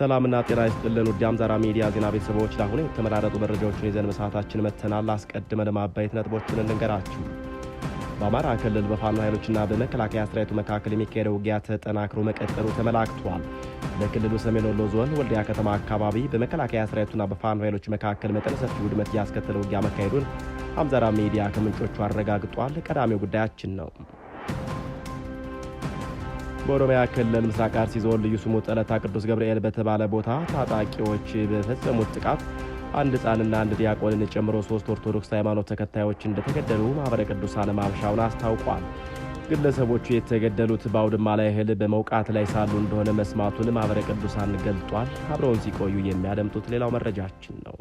ሰላምና ጤና ይስጥልን ውድ አምዛራ ሚዲያ ዜና ቤተሰቦች፣ ለአሁኑ የተመራረጡ መረጃዎችን ይዘን በሰዓታችን መጥተናል። አስቀድመ ለማባየት ነጥቦችን እንንገራችሁ። በአማራ ክልል በፋኖ ኃይሎችና በመከላከያ ሰራዊቱ መካከል የሚካሄደው ውጊያ ተጠናክሮ መቀጠሉ ተመላክቷል። በክልሉ ሰሜን ወሎ ዞን ወልዲያ ከተማ አካባቢ በመከላከያ ሰራዊቱና በፋኖ ኃይሎች መካከል መጠነ ሰፊ ውድመት እያስከተለ ውጊያ መካሄዱን አምዛራ ሚዲያ ከምንጮቹ አረጋግጧል። ቀዳሚው ጉዳያችን ነው። በኦሮሚያ ክልል ምስራቅ አርሲ ዞን ልዩ ስሙ ጠለታ ቅዱስ ገብርኤል በተባለ ቦታ ታጣቂዎች በፈጸሙት ጥቃት አንድ ህፃንና አንድ ዲያቆንን ጨምሮ ሶስት ኦርቶዶክስ ሃይማኖት ተከታዮች እንደተገደሉ ማኅበረ ቅዱሳን ማምሻውን አስታውቋል። ግለሰቦቹ የተገደሉት በአውድማ ላይ እህል በመውቃት ላይ ሳሉ እንደሆነ መስማቱን ማኅበረ ቅዱሳን ገልጧል። አብረውን ሲቆዩ የሚያደምጡት ሌላው መረጃችን ነው።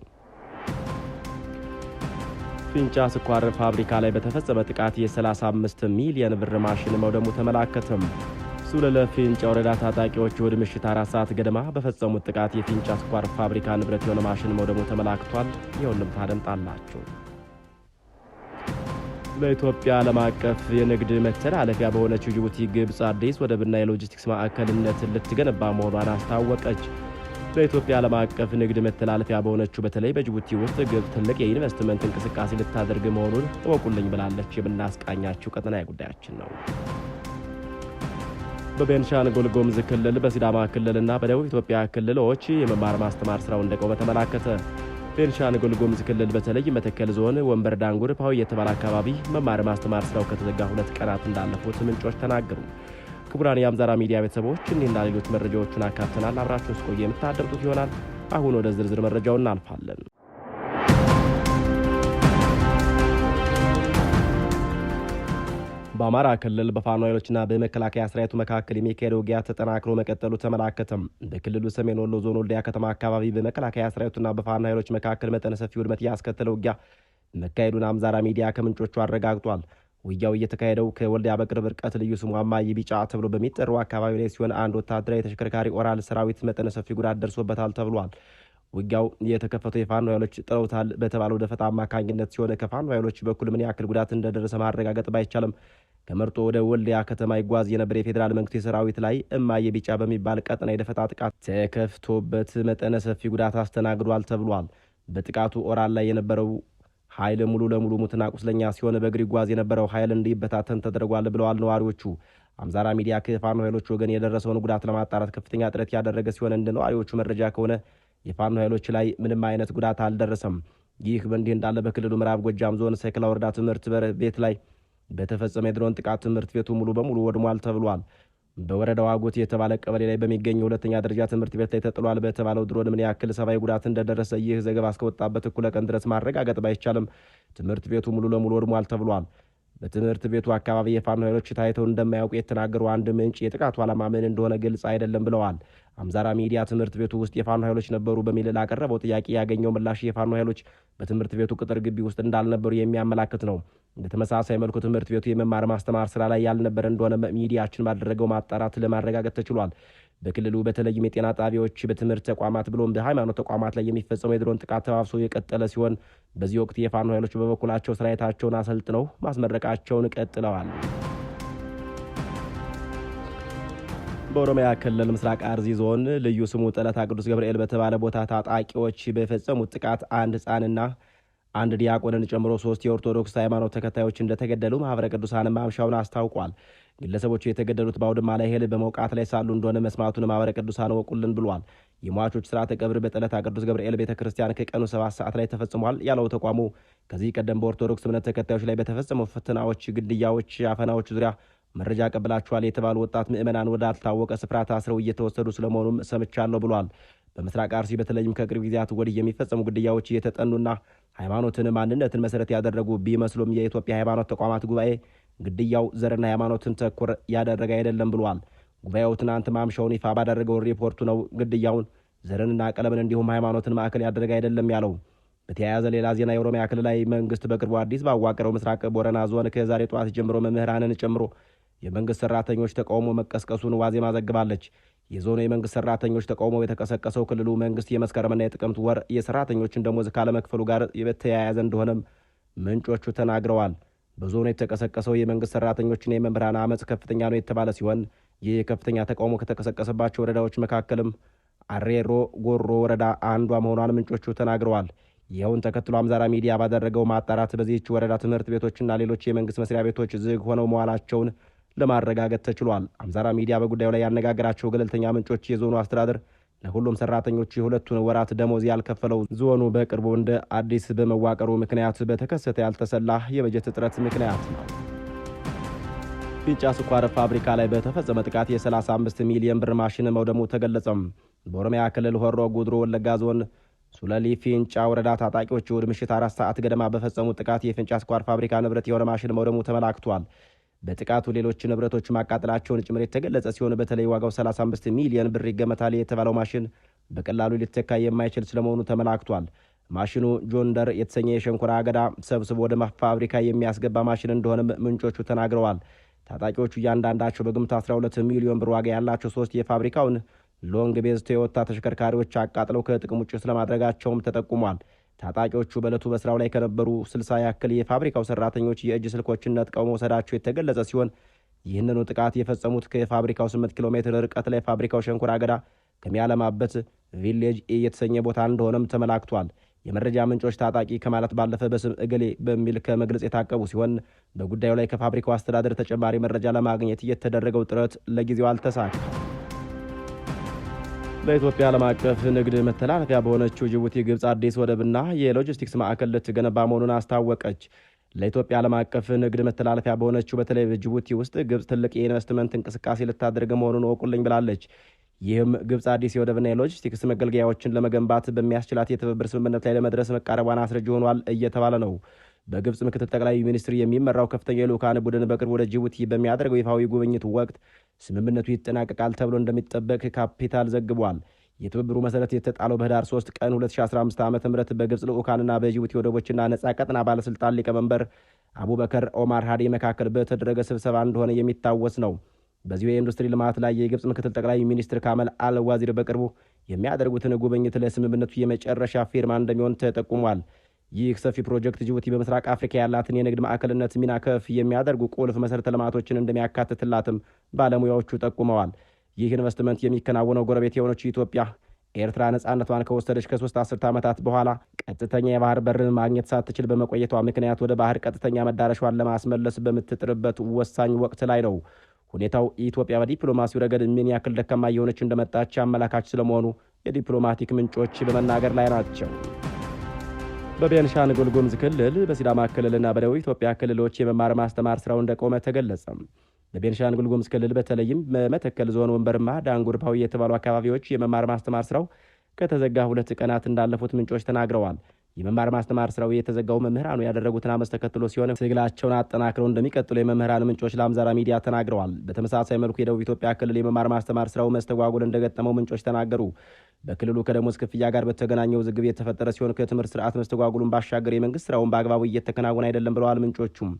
ፊንጫ ስኳር ፋብሪካ ላይ በተፈጸመ ጥቃት የ35 ሚሊየን ብር ማሽን መውደሙ ተመላከተም። ሱለለ ፊንጫ ወረዳ ታጣቂዎች ወደ ምሽት አራት ሰዓት ገደማ በፈጸሙት ጥቃት የፊንጫ ስኳር ፋብሪካ ንብረት የሆነ ማሽን መውደሙ ተመላክቷል። የሁሉም ታደምጣላችሁ። ለኢትዮጵያ ዓለም አቀፍ የንግድ መተላለፊያ በሆነችው ጅቡቲ ግብፅ አዲስ ወደብና የሎጂስቲክስ ማዕከልነትን ልትገነባ መሆኗን አስታወቀች። በኢትዮጵያ ዓለም አቀፍ ንግድ መተላለፊያ በሆነችው በተለይ በጅቡቲ ውስጥ ግብፅ ትልቅ የኢንቨስትመንት እንቅስቃሴ ልታደርግ መሆኑን እወቁልኝ ብላለች። የምናስቃኛችሁ ቀጠናዊ ጉዳያችን ነው። በቤንሻንጉል ጉሙዝ ክልል በሲዳማ ክልልና በደቡብ ኢትዮጵያ ክልሎች የመማር ማስተማር ስራው እንደቆመ ተመላከተ። ቤንሻንጉል ጉሙዝ ክልል በተለይ መተከል ዞን ወንበር ዳንጉር ፓዊ የተባለ አካባቢ መማር ማስተማር ስራው ከተዘጋ ሁለት ቀናት እንዳለፉት ምንጮች ተናገሩ። ክቡራን የአምዛራ ሚዲያ ቤተሰቦች እኒህና ሌሎች መረጃዎቹን አካተናል። አብራችሁን ስቆየ የምታደምጡት ይሆናል። አሁን ወደ ዝርዝር መረጃው እናልፋለን። በአማራ ክልል በፋኖ ኃይሎችና በመከላከያ ሰራዊቱ መካከል የሚካሄደው ውጊያ ተጠናክሮ መቀጠሉ ተመላከተም። በክልሉ ሰሜን ወሎ ዞን ወልዲያ ከተማ አካባቢ በመከላከያ ሰራዊቱና በፋኖ ኃይሎች መካከል መጠነ ሰፊ ውድመት እያስከተለ ውጊያ መካሄዱን አምዛራ ሚዲያ ከምንጮቹ አረጋግጧል። ውጊያው እየተካሄደው ከወልዲያ በቅርብ ርቀት ልዩ ስሙ አማይ ቢጫ ተብሎ በሚጠራው አካባቢ ላይ ሲሆን አንድ ወታደራዊ ተሽከርካሪ ኦራል ሰራዊት መጠነ ሰፊ ጉዳት ደርሶበታል ተብሏል። ውጊያው የተከፈተው የፋኖ ኃይሎች ጥለውታል በተባለው ደፈጣ አማካኝነት ሲሆን ከፋኖ ኃይሎች በኩል ምን ያክል ጉዳት እንደደረሰ ማረጋገጥ ባይቻልም ከመርጦ ወደ ወልዲያ ከተማ ይጓዝ የነበረ የፌዴራል መንግስት የሰራዊት ላይ እማዬ ቢጫ በሚባል ቀጠና የደፈጣ ጥቃት ተከፍቶበት መጠነ ሰፊ ጉዳት አስተናግዷል ተብሏል። በጥቃቱ ኦራል ላይ የነበረው ኃይል ሙሉ ለሙሉ ሙትና ቁስለኛ ሲሆን በእግር ይጓዝ የነበረው ኃይል እንዲበታተን ተደርጓል ብለዋል ነዋሪዎቹ። አምዛራ ሚዲያ ከፋኖ ኃይሎች ወገን የደረሰውን ጉዳት ለማጣራት ከፍተኛ ጥረት ያደረገ ሲሆን እንደ ነዋሪዎቹ መረጃ ከሆነ የፋኖ ኃይሎች ላይ ምንም አይነት ጉዳት አልደረሰም። ይህ በእንዲህ እንዳለ በክልሉ ምዕራብ ጎጃም ዞን ሰክላ ወረዳ ትምህርት ቤት ላይ በተፈጸመ የድሮን ጥቃት ትምህርት ቤቱ ሙሉ በሙሉ ወድሟል ተብሏል። በወረዳው አጎቴ የተባለ ቀበሌ ላይ በሚገኝ ሁለተኛ ደረጃ ትምህርት ቤት ላይ ተጥሏል በተባለው ድሮን ምን ያክል ሰብአዊ ጉዳት እንደደረሰ ይህ ዘገባ እስከወጣበት እኩለ ቀን ድረስ ማረጋገጥ ባይቻልም ትምህርት ቤቱ ሙሉ ለሙሉ ወድሟል ተብሏል። በትምህርት ቤቱ አካባቢ የፋኖ ኃይሎች ታይተው እንደማያውቁ የተናገሩ አንድ ምንጭ የጥቃቱ ዓላማ ምን እንደሆነ ግልጽ አይደለም ብለዋል። አምዛራ ሚዲያ ትምህርት ቤቱ ውስጥ የፋኖ ኃይሎች ነበሩ በሚል ላቀረበው ጥያቄ ያገኘው ምላሽ የፋኖ ኃይሎች በትምህርት ቤቱ ቅጥር ግቢ ውስጥ እንዳልነበሩ የሚያመላክት ነው። በተመሳሳይ መልኩ ትምህርት ቤቱ የመማር ማስተማር ስራ ላይ ያልነበረ እንደሆነ ሚዲያችን ባደረገው ማጣራት ለማረጋገጥ ተችሏል። በክልሉ በተለይም የጤና ጣቢያዎች፣ በትምህርት ተቋማት ብሎም በሃይማኖት ተቋማት ላይ የሚፈጸመው የድሮን ጥቃት ተባብሶ የቀጠለ ሲሆን በዚህ ወቅት የፋኖ ኃይሎች በበኩላቸው ሰራዊታቸውን አሰልጥነው ማስመረቃቸውን ቀጥለዋል። በኦሮሚያ ክልል ምስራቅ አርዚ ዞን ልዩ ስሙ ጠለታ ቅዱስ ገብርኤል በተባለ ቦታ ታጣቂዎች በፈጸሙት ጥቃት አንድ ህፃንና አንድ ዲያቆንን ጨምሮ ሶስት የኦርቶዶክስ ሃይማኖት ተከታዮች እንደተገደሉ ማህበረ ቅዱሳን ማምሻውን አስታውቋል። ግለሰቦቹ የተገደሉት በአውድማ ላይ እህል በመውቃት ላይ ሳሉ እንደሆነ መስማቱን ማህበረ ቅዱሳን ወቁልን ብሏል። የሟቾች ስርዓተ ቀብር በጠለታ ቅዱስ ገብርኤል ቤተ ክርስቲያን ከቀኑ ሰባት ሰዓት ላይ ተፈጽሟል ያለው ተቋሙ ከዚህ ቀደም በኦርቶዶክስ እምነት ተከታዮች ላይ በተፈጸሙ ፍትናዎች፣ ግድያዎች፣ አፈናዎች ዙሪያ መረጃ ቀብላችኋል የተባሉ ወጣት ምዕመናን ወዳልታወቀ ስፍራ ታስረው እየተወሰዱ ስለመሆኑም ሰምቻለሁ ብሏል። በምስራቅ አርሲ በተለይም ከቅርብ ጊዜያት ወዲህ የሚፈጸሙ ግድያዎች እየተጠኑና ሃይማኖትን ማንነትን መሰረት ያደረጉ ቢመስሉም የኢትዮጵያ ሃይማኖት ተቋማት ጉባኤ ግድያው ዘርና ሃይማኖትን ተኮር ያደረገ አይደለም ብሏል። ጉባኤው ትናንት ማምሻውን ይፋ ባደረገው ሪፖርቱ ነው ግድያውን ዘርንና ቀለምን እንዲሁም ሃይማኖትን ማዕከል ያደረገ አይደለም ያለው። በተያያዘ ሌላ ዜና የኦሮሚያ ክልላዊ መንግስት በቅርቡ አዲስ ባዋቀረው ምስራቅ ቦረና ዞን ከዛሬ ጠዋት ጀምሮ መምህራንን ጨምሮ የመንግስት ሰራተኞች ተቃውሞ መቀስቀሱን ዋዜማ ዘግባለች። የዞኑ የመንግስት ሰራተኞች ተቃውሞ የተቀሰቀሰው ክልሉ መንግስት የመስከረምና የጥቅምት ወር የሰራተኞችን ደሞዝ ካለመክፈሉ ጋር የተያያዘ እንደሆነም ምንጮቹ ተናግረዋል። በዞኑ የተቀሰቀሰው የመንግስት ሰራተኞችና የመምህራን አመፅ ከፍተኛ ነው የተባለ ሲሆን ይህ ከፍተኛ ተቃውሞ ከተቀሰቀሰባቸው ወረዳዎች መካከልም አሬሮ ጎሮ ወረዳ አንዷ መሆኗን ምንጮቹ ተናግረዋል። ይኸውን ተከትሎ አምዛራ ሚዲያ ባደረገው ማጣራት በዚህች ወረዳ ትምህርት ቤቶችና ሌሎች የመንግስት መስሪያ ቤቶች ዝግ ሆነው መዋላቸውን ለማረጋገጥ ተችሏል። አምዛራ ሚዲያ በጉዳዩ ላይ ያነጋገራቸው ገለልተኛ ምንጮች የዞኑ አስተዳደር ለሁሉም ሰራተኞች የሁለቱን ወራት ደሞዝ ያልከፈለው ዞኑ በቅርቡ እንደ አዲስ በመዋቀሩ ምክንያት በተከሰተ ያልተሰላ የበጀት እጥረት ምክንያት ነው። ቢጫ ስኳር ፋብሪካ ላይ በተፈጸመ ጥቃት የ35 ሚሊዮን ብር ማሽን መውደሙ ተገለጸም። በኦሮሚያ ክልል ሆሮ ጉድሮ ወለጋ ዞን ሱለሊ ፊንጫ ወረዳ ታጣቂዎች እሁድ ምሽት አራት ሰዓት ገደማ በፈጸሙት ጥቃት የፊንጫ ስኳር ፋብሪካ ንብረት የሆነ ማሽን መውደሙ ተመላክቷል። በጥቃቱ ሌሎች ንብረቶች ማቃጠላቸውን ጭምር የተገለጸ ሲሆን በተለይ ዋጋው 35 ሚሊዮን ብር ይገመታል የተባለው ማሽን በቀላሉ ሊተካ የማይችል ስለመሆኑ ተመላክቷል። ማሽኑ ጆንደር የተሰኘ የሸንኮራ አገዳ ሰብስቦ ወደ ፋብሪካ የሚያስገባ ማሽን እንደሆነም ምንጮቹ ተናግረዋል። ታጣቂዎቹ እያንዳንዳቸው በግምት 12 ሚሊዮን ብር ዋጋ ያላቸው ሶስት የፋብሪካውን ሎንግ ቤዝ ቶዮታ ተሽከርካሪዎች አቃጥለው ከጥቅም ውጭ ስለማድረጋቸውም ተጠቁሟል። ታጣቂዎቹ በዕለቱ በስራው ላይ ከነበሩ ስልሳ ያክል የፋብሪካው ሰራተኞች የእጅ ስልኮችን ነጥቀው መውሰዳቸው የተገለጸ ሲሆን ይህንኑ ጥቃት የፈጸሙት ከፋብሪካው 8 ኪሎ ሜትር ርቀት ላይ ፋብሪካው ሸንኮራ አገዳ ከሚያለማበት ቪሌጅ የተሰኘ ቦታ እንደሆነም ተመላክቷል። የመረጃ ምንጮች ታጣቂ ከማለት ባለፈ በስም እገሌ በሚል ከመግለጽ የታቀቡ ሲሆን በጉዳዩ ላይ ከፋብሪካው አስተዳደር ተጨማሪ መረጃ ለማግኘት የተደረገው ጥረት ለጊዜው አልተሳካም። በኢትዮጵያ ዓለም አቀፍ ንግድ መተላለፊያ በሆነችው ጅቡቲ ግብፅ አዲስ ወደብና የሎጂስቲክስ ማዕከል ልትገነባ መሆኑን አስታወቀች። ለኢትዮጵያ ዓለም አቀፍ ንግድ መተላለፊያ በሆነችው በተለይ በጅቡቲ ውስጥ ግብፅ ትልቅ የኢንቨስትመንት እንቅስቃሴ ልታደርግ መሆኑን እወቁልኝ ብላለች። ይህም ግብፅ አዲስ የወደብና የሎጂስቲክስ መገልገያዎችን ለመገንባት በሚያስችላት የትብብር ስምምነት ላይ ለመድረስ መቃረቧን አስረጅ ሆኗል እየተባለ ነው። በግብፅ ምክትል ጠቅላይ ሚኒስትር የሚመራው ከፍተኛ የልዑካን ቡድን በቅርብ ወደ ጅቡቲ በሚያደርገው ይፋዊ ጉብኝት ወቅት ስምምነቱ ይጠናቀቃል ተብሎ እንደሚጠበቅ ካፒታል ዘግቧል። የትብብሩ መሰረት የተጣለው በህዳር 3 ቀን 2015 ዓ ም በግብፅ ልዑካንና በጅቡቲ ወደቦችና ነጻ ቀጠና ባለሥልጣን ሊቀመንበር አቡበከር ኦማር ሃዲ መካከል በተደረገ ስብሰባ እንደሆነ የሚታወስ ነው። በዚሁ የኢንዱስትሪ ልማት ላይ የግብፅ ምክትል ጠቅላይ ሚኒስትር ካመል አልዋዚር በቅርቡ የሚያደርጉትን ጉብኝት ለስምምነቱ የመጨረሻ ፊርማ እንደሚሆን ተጠቁሟል። ይህ ሰፊ ፕሮጀክት ጅቡቲ በምስራቅ አፍሪካ ያላትን የንግድ ማዕከልነት ሚና ከፍ የሚያደርጉ ቁልፍ መሠረተ ልማቶችን እንደሚያካትትላትም ባለሙያዎቹ ጠቁመዋል። ይህ ኢንቨስትመንት የሚከናወነው ጎረቤት የሆነችው ኢትዮጵያ ኤርትራ ነጻነቷን ከወሰደች ከሶስት አስርተ ዓመታት በኋላ ቀጥተኛ የባህር በርን ማግኘት ሳትችል በመቆየቷ ምክንያት ወደ ባህር ቀጥተኛ መዳረሻዋን ለማስመለስ በምትጥርበት ወሳኝ ወቅት ላይ ነው። ሁኔታው ኢትዮጵያ በዲፕሎማሲው ረገድ ምን ያክል ደካማ እየሆነች እንደመጣች አመላካች ስለመሆኑ የዲፕሎማቲክ ምንጮች በመናገር ላይ ናቸው። በቤንሻንጉል ጉሙዝ ክልል በሲዳማ ክልልና በደቡብ ኢትዮጵያ ክልሎች የመማር ማስተማር ስራው እንደቆመ ተገለጸ። በቤንሻንጉል ጉሙዝ ክልል በተለይም መተከል ዞን ወንበርማ፣ ዳንጉርባዊ የተባሉ አካባቢዎች የመማር ማስተማር ስራው ከተዘጋ ሁለት ቀናት እንዳለፉት ምንጮች ተናግረዋል። የመማር ማስተማር ስራው የተዘጋው መምህራኑ ያደረጉትን አመፅ ተከትሎ ሲሆን ትግላቸውን አጠናክረው እንደሚቀጥሉ የመምህራን ምንጮች ለአምዛራ ሚዲያ ተናግረዋል። በተመሳሳይ መልኩ የደቡብ ኢትዮጵያ ክልል የመማር ማስተማር ስራው መስተጓጎል እንደገጠመው ምንጮች ተናገሩ። በክልሉ ከደሞዝ ክፍያ ጋር በተገናኘ ውዝግብ የተፈጠረ ሲሆን ከትምህርት ስርዓት መስተጓጉሉን ባሻገር የመንግስት ስራውን በአግባቡ እየተከናወነ አይደለም ብለዋል ምንጮቹም።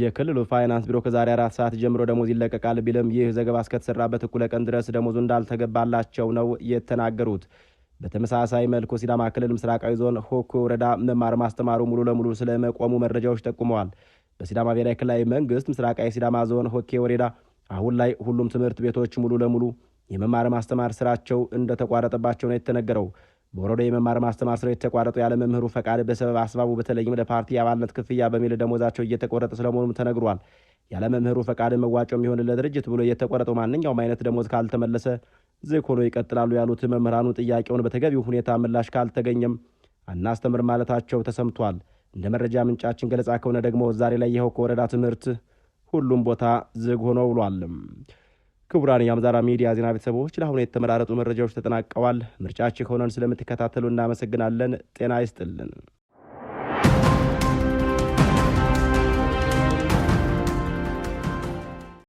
የክልሉ ፋይናንስ ቢሮ ከዛሬ አራት ሰዓት ጀምሮ ደሞዝ ይለቀቃል ቢልም ይህ ዘገባ እስከተሰራበት እኩለ ቀን ድረስ ደሞዙ እንዳልተገባላቸው ነው የተናገሩት። በተመሳሳይ መልኩ ሲዳማ ክልል ምስራቃዊ ዞን ሆኮ ወረዳ መማር ማስተማሩ ሙሉ ለሙሉ ስለመቆሙ መረጃዎች ጠቁመዋል። በሲዳማ ብሔራዊ ክልላዊ መንግስት ምስራቃዊ ሲዳማ ዞን ሆኬ ወረዳ አሁን ላይ ሁሉም ትምህርት ቤቶች ሙሉ ለሙሉ የመማር ማስተማር ስራቸው እንደተቋረጠባቸው ነው የተነገረው። በወረዳ የመማር ማስተማር ስራ የተቋረጠው ያለመምህሩ ፈቃድ በሰበብ አስባቡ በተለይም ለፓርቲ አባልነት ክፍያ በሚል ደሞዛቸው እየተቆረጠ ስለመሆኑም ተነግሯል። ያለመምህሩ ፈቃድ መዋጮ የሚሆንለት ድርጅት ብሎ እየተቆረጠው ማንኛውም አይነት ደሞዝ ካልተመለሰ ሆኖ ይቀጥላሉ ያሉት መምህራኑ ጥያቄውን በተገቢው ሁኔታ ምላሽ ካልተገኘም አናስተምር ማለታቸው ተሰምቷል። እንደ መረጃ ምንጫችን ገለጻ ከሆነ ደግሞ ዛሬ ላይ ይኸው ከወረዳ ትምህርት ሁሉም ቦታ ዝግ ሆኖ ውሏል። ክቡራን የአምዛራ ሚዲያ ዜና ቤተሰቦች ለአሁኑ የተመራረጡ መረጃዎች ተጠናቀዋል። ምርጫችን ከሆነን ስለምትከታተሉ እናመሰግናለን። ጤና ይስጥልን።